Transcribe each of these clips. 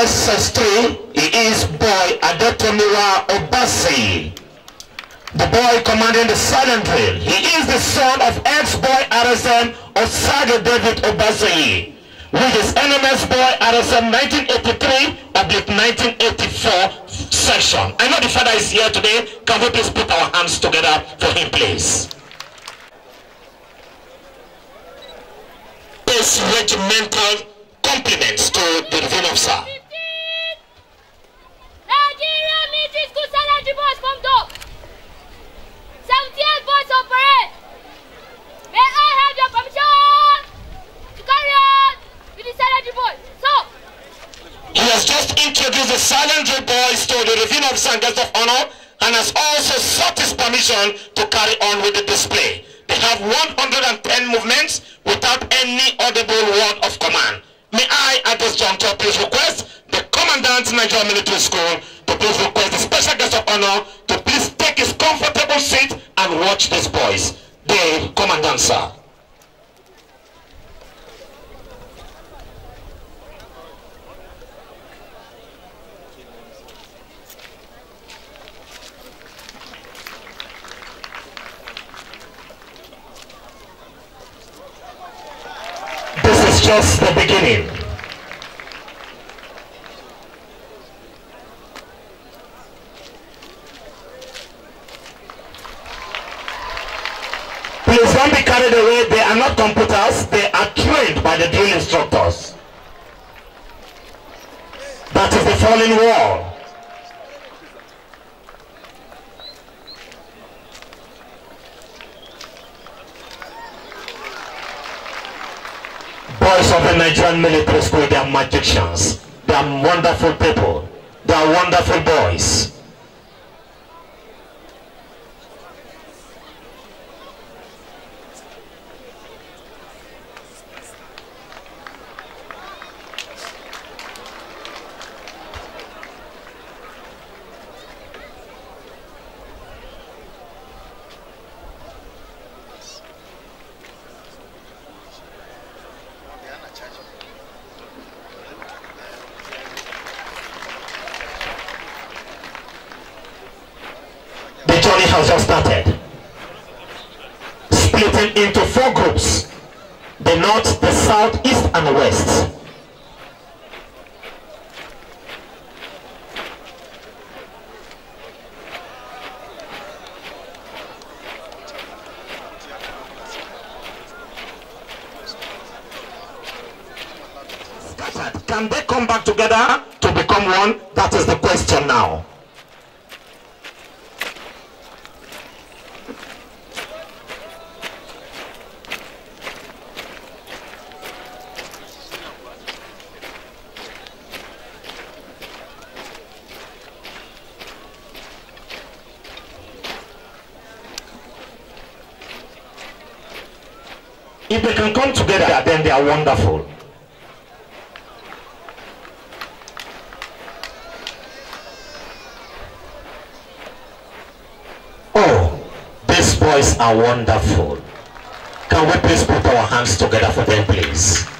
SS3, he is boy Adetomiwa Obasi. The boy commanding the silent drill. He is the son of ex-boy Arisen Osage David Obasi, which is NMS boy Arisen 1983-1984 section. I know the father is here today. Can we please put our hands together for him, please? This regimental compliments to the Officer. the reveal of and guest of honor and has also sought his permission to carry on with the display. They have 110 movements without any audible word of command. May I, at this juncture, please request the Commandant Nigerian Military School to please request the special guest of honor to please take his comfortable seat and watch these boys. The Commandant, sir. just the beginning. Please don't be carried away. They are not computers. They are trained by the drill instructors. That is the falling wall. of the Nigerian military school, they are magicians. They are wonderful people. They are wonderful boys. has just started. Splitting into four groups. The north, the south, east and west. Can they come back together to become one? That is the question now. If they can come together, then they are wonderful. Oh, these boys are wonderful. Can we please put our hands together for them, please?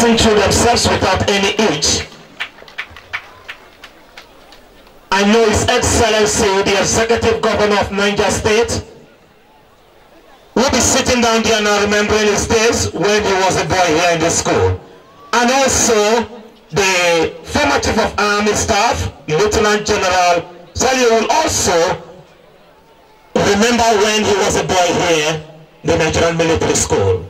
passing through themselves without any age. I know His Excellency, the Executive Governor of Niger State, will be sitting down there now remembering his days when he was a boy here in the school. And also, the former Chief of Army Staff, Lieutenant General Sally will also remember when he was a boy here, the Nigerian Military School.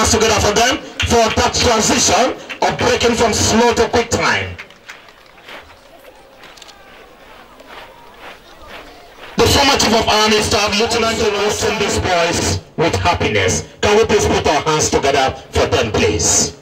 hands together for them for that transition of breaking from slow to quick time. The formative of Army staff, Lieutenant General, send these boys with happiness. Can we please put our hands together for them, please?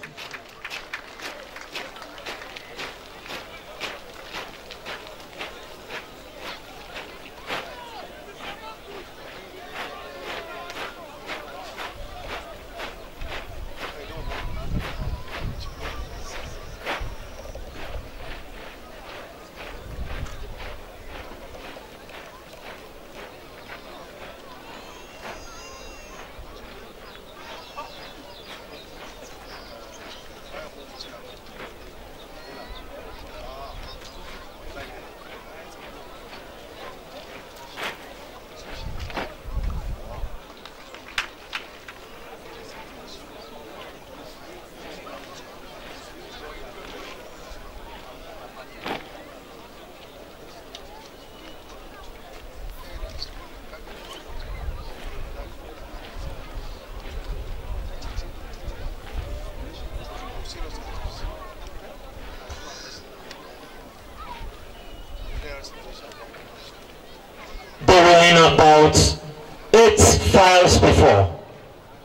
files before,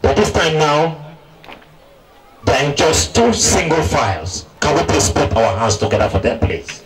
but this time now, they're just two single files. Can we please put our hands together for them, please?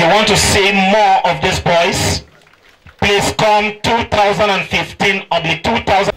you want to see more of these boys, please come 2015 or the 2000.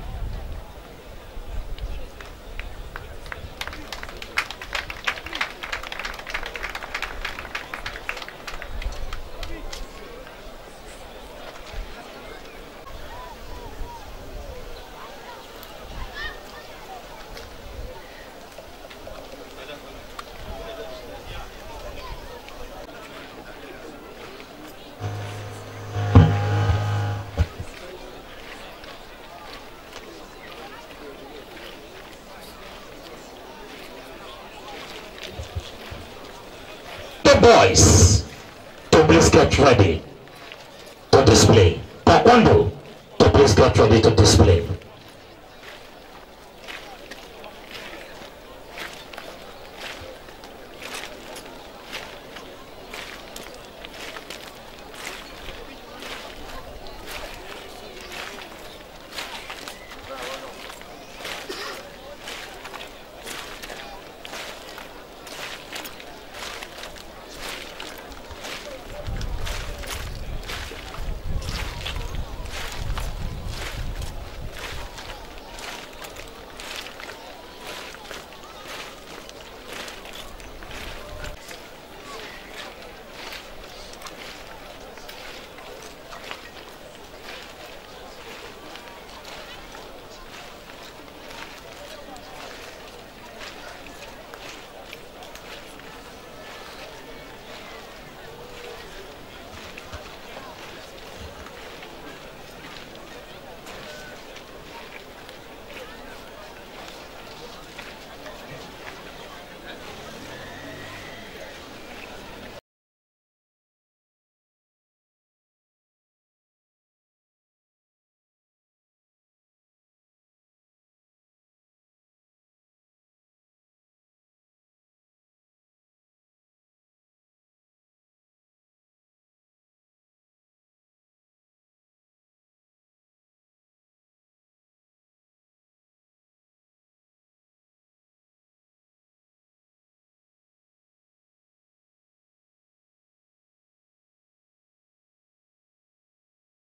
boys to please get ready to display. Taekwondo to please get ready to display.